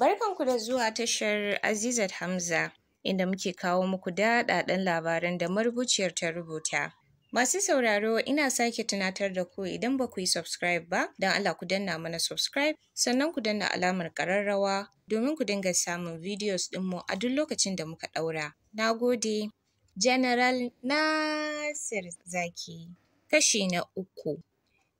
Barkan ku da zuwa tashar Azizat Hamza inda muke kawo muku daɗaɗɗen labaran da marubuciyar ta rubuta. Masu sauraro ina sake tunatar da ku idan ba ku yi subscribe ba don Allah ku danna mana subscribe sannan ku danna alamar ƙararrawa domin ku dinga samun videos ɗinmu a duk lokacin da muka ɗaura. Na gode. General Nasir Zaki. Kashi na uku.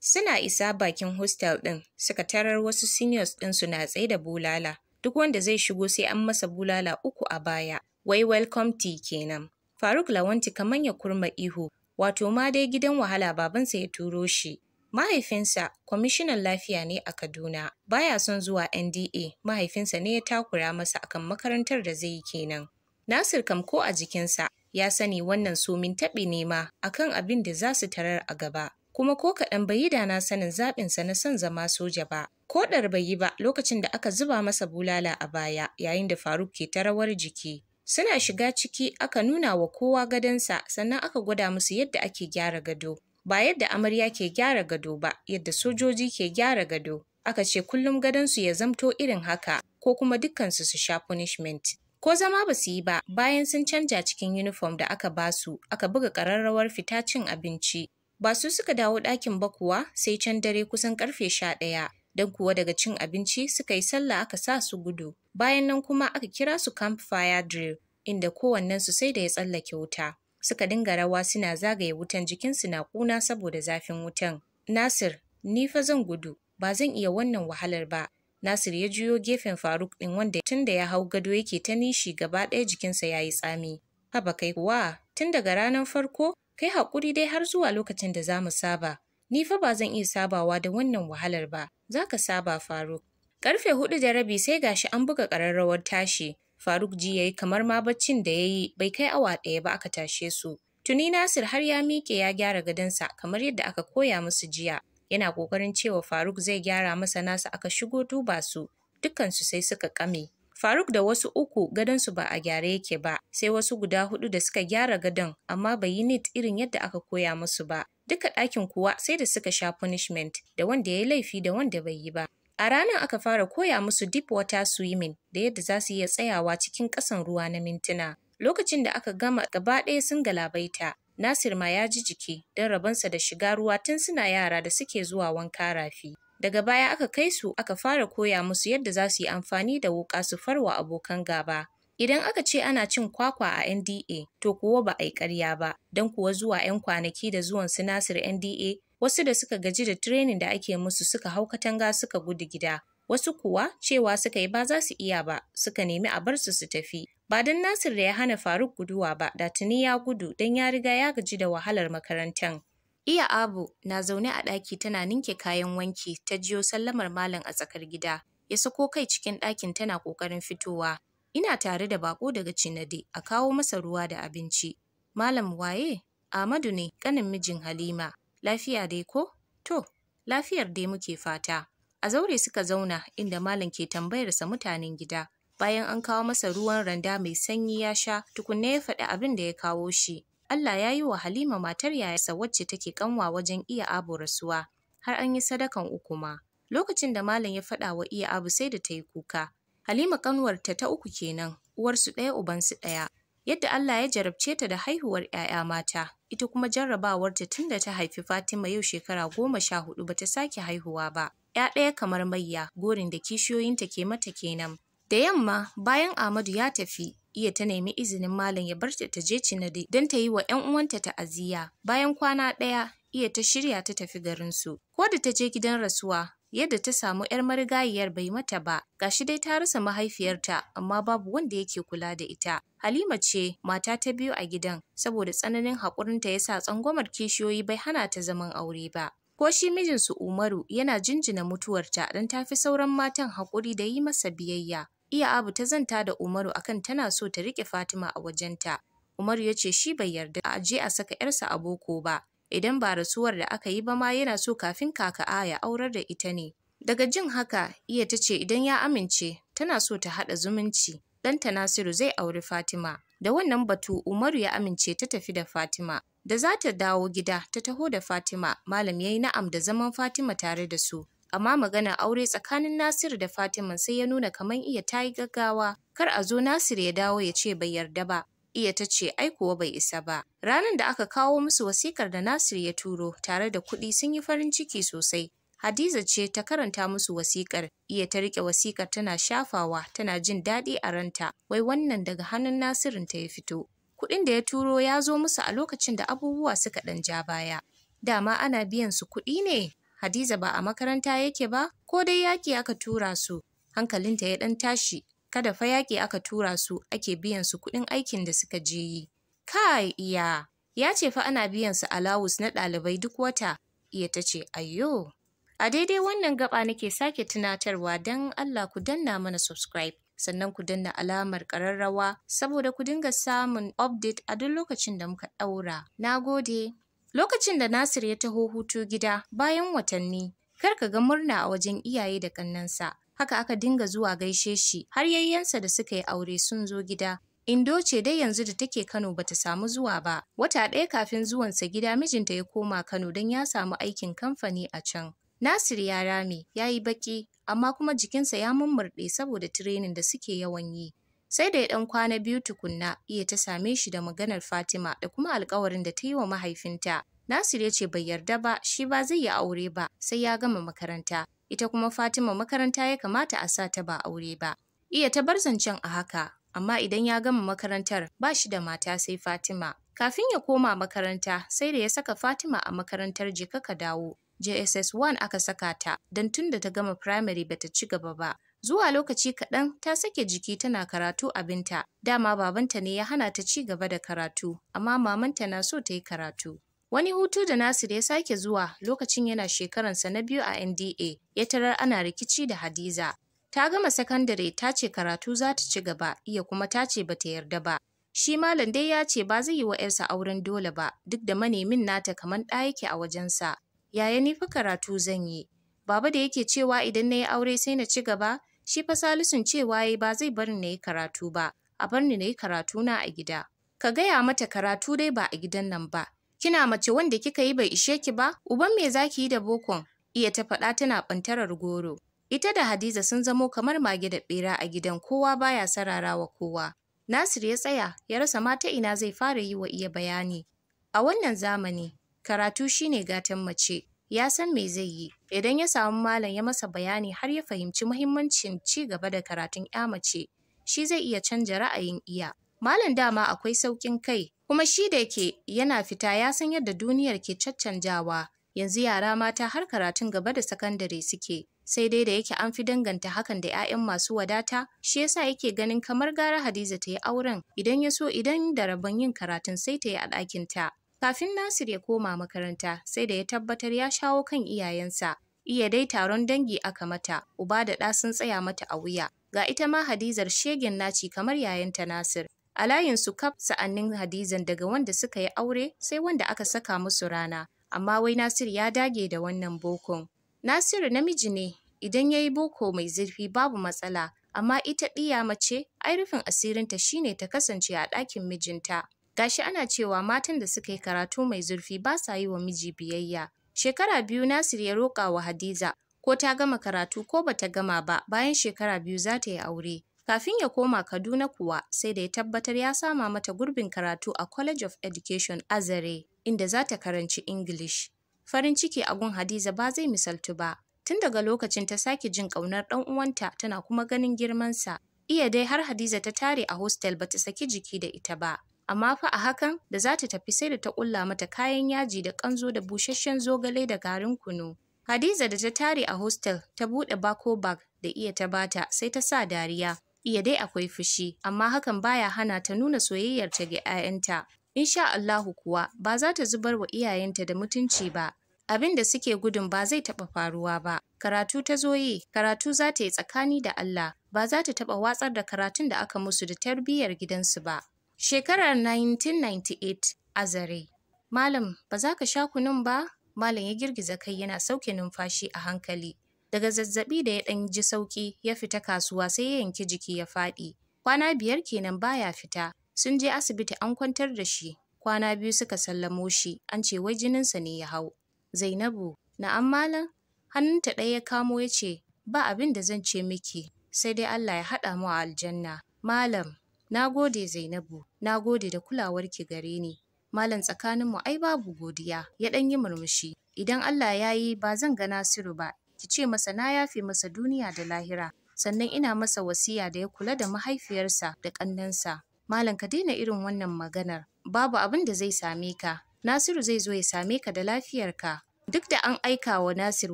Suna isa bakin hostel ɗin, suka tarar wasu seniors ɗinsu na tsaye da bulala. duk wanda zai shigo sai an masa bulala uku a baya, wai welcome tea kenan. Faruk Lawanti kamar ya kurma ihu, wato ma dai gidan wahala babansa ya turo shi. Mahaifinsa kwamishinan lafiya ne a Kaduna, baya son zuwa NDA, mahaifinsa ne ya takura masa akan makarantar da zai yi kenan. Nasir kam ko a jikinsa ya sani wannan somin taɓi nema akan abin da za su tarar a gaba. kuma ko kaɗan bai yi da na sanin zaɓinsa na son zama soja ba. Ko ɗar bai yi ba lokacin da aka zuba masa bulala a baya yayin da Faruk ke ta rawar jiki. Suna shiga ciki aka nuna wa kowa gadonsa sannan aka gwada musu yadda ake gyara gado. Ba yadda amarya ke gyara gado ba, yadda sojoji ke gyara gado. Aka ce kullum gadonsu ya zamto irin haka ko kuma dukkansu su sha punishment. Ko zama ba su yi ba bayan sun canja cikin uniform da aka basu, aka buga ƙararrawar fita cin abinci. Ba su suka dawo ɗakin ba kuwa sai can dare kusan ƙarfe sha ɗaya. Don kuwa daga cin abinci suka yi sallah aka sa su gudu. Bayan nan kuma aka kira su campfire drill inda kowannen su sai da ya tsallake wuta. Suka dinga rawa suna zagaye wutan jikinsu na ƙuna saboda zafin wutan. Nasir, ni fa zan gudu, ba zan iya wannan wahalar ba. Nasir ya juyo gefen Faruk ɗin wanda tun da ya hau gado yake ta nishi gaba ɗaya jikinsa ya yi tsami. Haba kai kuwa, tun daga ranar farko kai haƙuri dai har zuwa lokacin da za mu saba. Ni fa ba zan iya sabawa da wannan wahalar ba, za ka saba Faruk. Karfe hudu da rabi sai gashi an buga ƙararrawar tashi. Faruk ji ya yi kamar ma baccin da ya yi bai kai awa ɗaya ba aka tashe su. Tuni Nasir har ya mike ya gyara gadonsa kamar yadda aka koya musu jiya. Yana ƙoƙarin cewa Faruk zai gyara masa nasa aka shigo duba su, dukkansu sai suka ƙame. Faruk da wasu uku gadonsu ba a gyare yake ba, sai wasu guda hudu da suka gyara gadon amma bai yi nit irin yadda aka koya musu ba. Duka ɗakin kuwa sai da suka sha punishment da wanda ya yi laifi da wanda bai yi ba. A ranar aka fara koya musu deep water swimming da yadda za su iya tsayawa cikin ƙasan ruwa na mintuna. Lokacin da aka gama gaba ɗaya sun galabaita, Nasir ma ya ji jiki don rabonsa da shiga ruwa tun suna yara da suke zuwa wanka rafi. Daga baya aka kai su aka fara koya musu yadda za su yi amfani da wuƙa su farwa abokan gaba. Idan aka ce ana cin kwakwa a NDA, to kuwa ba a yi ƙarya ba, don kuwa zuwa 'yan kwanaki da zuwan su Nasir NDA, wasu da suka gaji da tirenin da ake musu suka hau katanga suka gudu gida. Wasu kuwa cewa suka yi ba za su iya ba, suka nemi a bar su su tafi. Ba don Nasir da ya hana Faruk guduwa ba, da tuni ya gudu don ya riga ya gaji da wahalar makarantar. Iya Abu na zaune a ɗaki tana ninke kayan wanki ta jiyo sallamar malam a tsakar gida. Ya sako kai cikin ɗakin tana ƙoƙarin fitowa. Ina tare da baƙo daga Cinade a kawo masa ruwa da abinci. Malam waye? Amadu ne, ƙanin mijin Halima. Lafiya dai ko? To, lafiyar dai muke fata. A zaure suka zauna inda malam ke tambayarsa mutanen gida. Bayan an kawo masa ruwan randa mai sanyi ya sha, tukunna ya faɗi abin da ya kawo shi. Allah ya yi wa Halima matar yayarsa wacce take kanwa wajen iya abu rasuwa, har an yi sadakan uku ma. Lokacin da malam ya faɗa wa iya abu sai da ta yi kuka. Halima kanwarta ta uku kenan, uwarsu ɗaya ubansu ɗaya. Yadda Allah ya jarabce ta da haihuwar ‘ya'ya mata, ita kuma jarrabawarta tun da ta haifi Fatima yau shekara goma sha hudu ba ta sake haihuwa ba. ‘Ya ɗaya kamar mayya, gorin da kishiyoyinta ke mata kenan. Da yamma, bayan Ahmadu ya tafi, iya ta nemi izinin malam ya bar ta je Cinade don ta yi wa 'yan uwanta ta'aziyya. Bayan kwana ɗaya, iya ta shirya ta tafi garinsu. Ko da ta je gidan rasuwa, yadda ta samu 'yar marigayiyar bai mata ba, gashi dai ta rasa mahaifiyarta amma babu wanda yake kula da ita. Halima ce mata ta biyu a gidan, saboda tsananin haƙurinta ya sa tsangwamar kishiyoyi bai hana ta zaman aure ba. Ko shi mijinsu Umaru yana jinjina mutuwarta don ta fi sauran matan haƙuri da yi masa biyayya. Iya Abu ta zanta da Umaru akan tana so ta riƙe Fatima a wajenta. Umaru ya ce shi bai yarda a je a saka ‘yarsa a boko ba, idan ba rasuwar da aka yi ba ma yana so kafin kaka'a ya aurar da ita ne. Daga jin haka, iya ta ce idan ya amince, tana so ta haɗa zumunci. Ɗanta Nasiru zai auri Fatima. Da wannan batu, Umaru ya amince ta tafi da Fatima. Da za ta dawo gida, ta taho da Fatima, malam ya yi na'am da zaman Fatima tare da su. amma magana aure tsakanin Nasiru da Fatima sai ya nuna kamar iya ta yi gaggawa kar a zo Nasiru ya dawo ya ce bai yarda ba iya ta ce ai kuwa bai isa ba ranar da aka kawo musu wasikar da Nasiru ya turo tare da kuɗi sun yi farin ciki sosai Hadiza ce ta karanta musu wasikar iya ta riƙe wasikar tana shafawa tana jin daɗi a ranta wai wannan daga hannun Nasirin ta ya fito kuɗin da ya turo ya zo musu a lokacin da abubuwa suka ɗan ja baya dama ana biyan su kuɗi ne Hadiza ba a makaranta yake ba ko dai yaƙi aka tura su. Hankalinta ya ɗan tashi, kada fa yaƙi aka tura su ake biyan su kuɗin aikin da suka je yi. Kai iya, ya ce fa ana biyan su alawus na ɗalibai duk wata. Iya ta ce, ayyo. A daidai wannan gaba nake sake tunatarwa don Allah ku danna mana subscribe. sannan ku danna alamar ƙararrawa saboda ku dinga samun update a duk lokacin da muka ɗaura. Na gode. Lokacin da Nasir ya taho hutu gida bayan watanni, kar ka ga murna a wajen iyaye da ƙannensa. Haka aka dinga zuwa gaishe shi har yayyensa da suka yi aure sun zo gida. Indo ce dai yanzu da take Kano bata samu zuwa ba. Wata ɗaya kafin zuwansa gida mijinta ya koma Kano don ya samu aikin kamfani a can. Nasir ya rame, ya yi baƙi, amma kuma jikinsa ya mummurɗe saboda tirenin da suke yawan yi. Sai da ya ɗan kwana biyu tukunna, iya ta same shi da maganar Fatima da kuma alƙawarin da ta yi wa mahaifinta. Nasir ya ce bai yarda ba, shi ba zai yi aure ba, sai ya gama makaranta. Ita kuma Fatima makaranta ya kamata a sa ta ba aure ba. Iya ta bar zancen a haka, amma idan ya gama makarantar ba shi da mata sai Fatima. Kafin ya koma makaranta, sai da ya saka Fatima a makarantar jikaka ka dawo. JSS 1 aka saka ta, don tun da ta gama firamare bata ci gaba ba. Zuwa lokaci kaɗan ta sake jiki tana karatu a Binta. dama babanta ne ya hana ta ci gaba da karatu, amma mamanta na so ta yi karatu. Wani hutu da Nasir ya sake zuwa lokacin yana shekaransa na biyu a NDA, ya tarar ana rikici da Hadiza. Ta gama sakandare ta ce karatu za ta ci gaba, iya kuma ta ce ba ta yarda ba. Shi malam dai ya ce ba zai yi wa ‘yarsa auren dole ba, duk da manemin nata kamar ɗa yake a wajensa. Yaya ni fa karatu zan yi, Baba da yake cewa idan na yi aure sai na ci gaba, shi fa Salisun cewa yayi ba zai bar ni na yi karatu ba, a bar ni na yi karatuna a gida. Ka gaya mata karatu dai ba a gidan nan ba. Kina mace wanda kika yi bai ishe ki ba, uban me za ki yi da bokon? Iya ta faɗa tana ɓantarar goro. Ita da Hadiza sun zamo kamar mage da ɓera a gidan kowa baya sarara wa kowa. Nasir ya tsaya ya rasa mata ina zai fara yi wa iya bayani. A wannan zamani, karatu shine gatan mace. ya san me zai yi idan ya samu malam ya masa bayani har ya fahimci muhimmancin ci gaba da karatun ya mace shi zai iya canja ra'ayin iya malam dama akwai saukin kai kuma shi da yake yana fita ya san yadda duniyar ke caccanjawa yanzu yara mata har karatun gaba da sakandare suke sai dai da yake an fi danganta hakan da 'ya'yan masu wadata shi yasa yake ganin kamar gara Hadiza ta yi auren idan ya so idan da rabon yin karatun sai ta yi a ɗakinta Kafin Nasir ya koma makaranta, sai da ya tabbatar ya shawo kan iyayensa. Iya dai taron dangi aka mata, uba da ɗa sun tsaya mata a wuya. Ga ita ma Hadizar shegen naci kamar yayanta Nasir. A layin su kaf sa'annin Hadizan daga wanda suka yi aure sai wanda aka saka musu rana. Amma wai Nasir ya dage da wannan bokon. Nasiru namiji ne, idan ya yi boko mai zurfi babu matsala, amma ita ɗiya mace, ai rufin asirinta shine ta kasance a ɗakin mijinta. Gashi ana cewa matan da suka yi karatu mai zurfi ba sa yi wa miji biyayya. Shekara biyu Nasir ya roƙa wa Hadiza ko ta gama karatu ko bata gama ba bayan shekara biyu za ta yi aure. Kafin ya koma Kaduna kuwa sai da ya tabbatar ya sama mata gurbin karatu a College of Education Azare inda za ta karanci English. Farin ciki a gun Hadiza ba zai misaltu ba. Tun daga lokacin ta sake jin ƙaunar ɗan uwanta tana kuma ganin girmansa. Iya dai har Hadiza ta tare a hostel bata saki jiki da ita ba. amma fa a hakan da za ta tafi sai da ta ƙulla mata kayan yaji da ƙanzo da busasshen zogale da garin kunu. Hadiza da ta tare a hostel ta buɗe bako bag da iya ta bata sai ta sa dariya. Iya dai akwai fushi, amma hakan baya hana ta nuna soyayyar ta ga 'ya'yanta. Insha Allahu kuwa ba za ta zubar wa iyayenta da mutunci ba. Abin da suke gudun ba zai taɓa faruwa ba. Karatu ta zo yi, karatu za ta yi tsakani da Allah, ba za ta taɓa watsar da karatun da aka musu da tarbiyyar gidansu ba. Shekarar 1998 a zare. Malam, ba za ka sha kunun ba? Malam ya girgiza kai yana sauke numfashi a hankali. Daga zazzaɓi da ya ɗan ji sauki, ya fita kasuwa sai ya yanki jiki ya faɗi. Kwana biyar kenan baya fita. Sun je asibiti an kwantar da shi. Kwana biyu suka sallamo shi, an ce wai jininsa ne ya hau. Zainabu, na'am malam? Hannunta ɗaya ya kamo ya ce, ba abin da zan ce miki, sai dai Allah ya haɗa mu a aljanna. Malam, Na gode Zainabu, na gode da kulawarki gare ni. Malam tsakaninmu ai babu godiya, ya ɗan yi murmushi. Idan Allah ya yi ba zan ga Nasiru ba, ki ce masa na yafe masa duniya da lahira. Sannan ina masa wasiya da ya kula da mahaifiyarsa da ƙannensa. Malam ka daina irin wannan maganar, babu abin da zai same ka. Nasiru zai zo ya same ka da lafiyar ka. Duk da an aika wa Nasir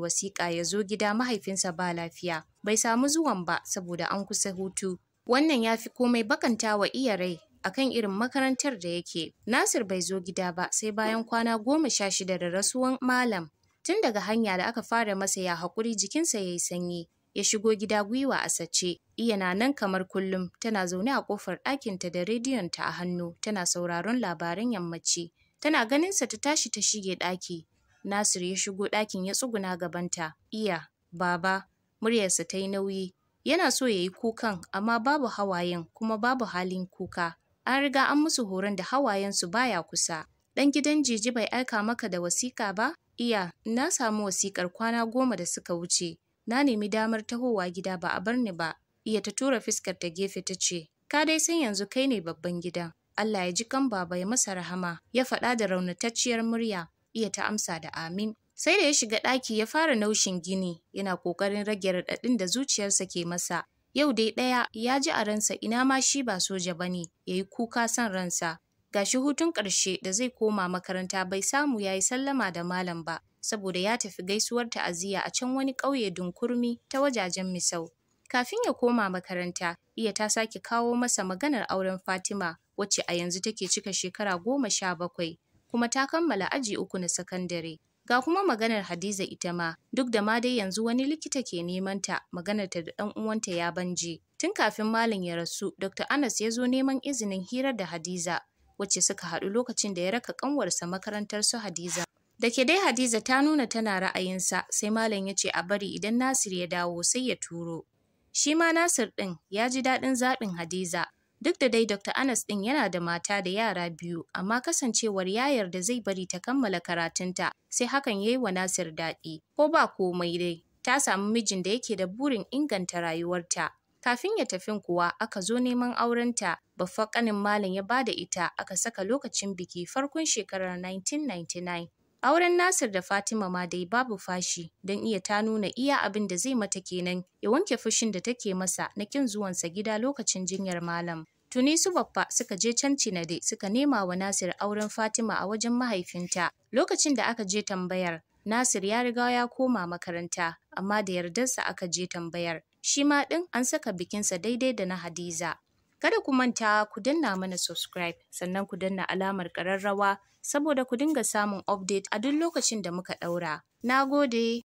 wasiƙa ya zo gida mahaifinsa ba lafiya, bai samu zuwan ba saboda an kusa hutu. Wannan ya fi komai bakanta wa iya rai a kan irin makarantar da yake. Nasir bai zo gida ba sai bayan kwana goma sha shida da rasuwan malam. Tun daga hanya da aka fara masa ya haƙuri jikinsa ya yi sanyi. Ya shigo gida gwiwa a sace, iya na nan kamar kullum tana zaune a ƙofar ɗakinta da rediyonta a hannu tana sauraron labaran yammaci. Tana ganinsa ta tashi ta shige ɗaki. Nasir ya shigo ɗakin ya tsuguna gabanta. Iya, baba, muryarsa ta yi nauyi. Yana so ya yi kukan amma babu hawayen kuma babu halin kuka. An riga an musu horon da hawayensu baya kusa. Ɗan gidan Jiji bai aika maka da wasiƙa ba? Iya, na samu wasiƙar kwana goma da suka wuce. Na nemi damar tahowa gida ba a bar ni ba. Iya ta tura fuskar ta gefe ta ce, Ka dai san yanzu kai ne babban gidan. Allah ya ji kan baba ya masa rahama, ya faɗa da raunatacciyar murya. Iya ta amsa da amin. Sai da ya shiga ɗaki ya fara naushin gini, yana ƙoƙarin rage raɗaɗin da zuciyarsa ke masa. Yau dai ɗaya ya ji a ransa ina ma shi ba soja ba ne, ya yi kuka son ransa. Ga shi hutun ƙarshe da zai koma makaranta bai samu ya yi sallama da malam ba, saboda ya tafi gaisuwar ta'aziyya a can wani ƙauye dunkurmi ta wajajen Misau. Kafin ya koma makaranta, iya ta sake kawo masa maganar auren Fatima, wacce a yanzu take cika shekara goma sha bakwai, kuma ta kammala aji uku na sakandare. Ga kuma maganar Hadiza ita ma, duk da ma dai yanzu wani likita ke neman ta, maganar ta da ɗan uwanta ya banje. Tun kafin malam ya rasu, Dr. Anas ya zo neman izinin hirar da Hadiza, wacce suka haɗu lokacin da ya raka ƙanwarsa makarantar su Hadiza. Da ke dai Hadiza ta nuna tana ra'ayinsa, sai malam ya ce a bari idan Nasir ya dawo sai ya turo. Shi ma Nasir ɗin ya ji daɗin zaɓin Hadiza, Duk da dai Dr. Anas ɗin yana da mata da yara biyu, amma kasancewar ya yarda zai bari ta kammala karatunta, sai hakan ya yi wa Nasir daɗi. Ko ba komai dai, ta samu mijin da yake da burin inganta rayuwarta. Kafin ya tafin kuwa, aka zo neman aurenta, baffa ƙanin malam ya ba da ita, aka saka lokacin biki farkon shekarar 1999. Auren Nasir da Fatima ma dai babu fashi don iya ta nuna iya abin da zai mata kenan ya wanke fushin da take masa na kin zuwansa gida lokacin jinyar malam. Tuni su baffa suka je can Cinade suka nema wa Nasir auren Fatima a wajen mahaifinta. Lokacin da aka je tambayar, Nasir ya riga ya koma makaranta, amma da yardarsa aka je tambayar. Shi ma ɗin an saka bikinsa daidai da na Hadiza. Kada ku manta ku danna mana subscribe sannan ku danna alamar ƙararrawa saboda ku dinga samun update a duk lokacin da muka ɗaura. Na gode.